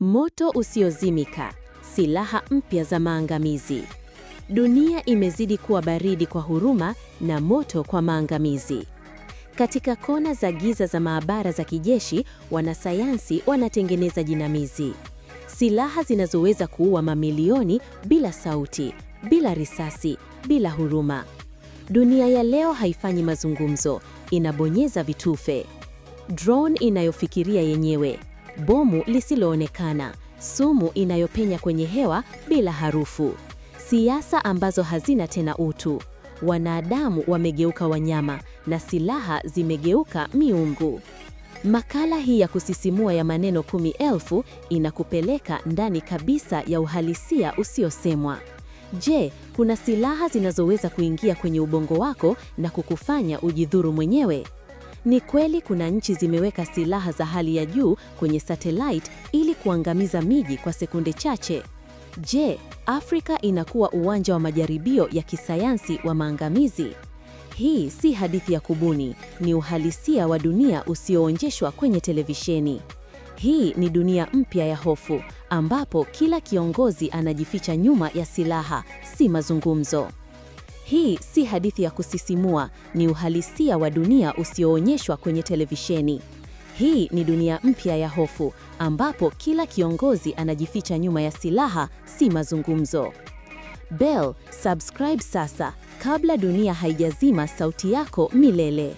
Moto usiozimika, silaha mpya za maangamizi. Dunia imezidi kuwa baridi kwa huruma na moto kwa maangamizi. Katika kona za giza za maabara za kijeshi, wanasayansi wanatengeneza jinamizi, silaha zinazoweza kuua mamilioni bila sauti, bila risasi, bila huruma. Dunia ya leo haifanyi mazungumzo, inabonyeza vitufe. Drone inayofikiria yenyewe, bomu lisiloonekana, sumu inayopenya kwenye hewa bila harufu, siasa ambazo hazina tena utu. Wanadamu wamegeuka wanyama na silaha zimegeuka miungu. Makala hii ya kusisimua ya maneno kumi elfu inakupeleka ndani kabisa ya uhalisia usiosemwa. Je, kuna silaha zinazoweza kuingia kwenye ubongo wako na kukufanya ujidhuru mwenyewe? Ni kweli kuna nchi zimeweka silaha za hali ya juu kwenye satellite ili kuangamiza miji kwa sekunde chache. Je, Afrika inakuwa uwanja wa majaribio ya kisayansi wa maangamizi? Hii si hadithi ya kubuni, ni uhalisia wa dunia usioonyeshwa kwenye televisheni. Hii ni dunia mpya ya hofu ambapo kila kiongozi anajificha nyuma ya silaha, si mazungumzo. Hii si hadithi ya kusisimua, ni uhalisia wa dunia usioonyeshwa kwenye televisheni. Hii ni dunia mpya ya hofu ambapo kila kiongozi anajificha nyuma ya silaha, si mazungumzo. Bell, subscribe sasa kabla dunia haijazima sauti yako milele.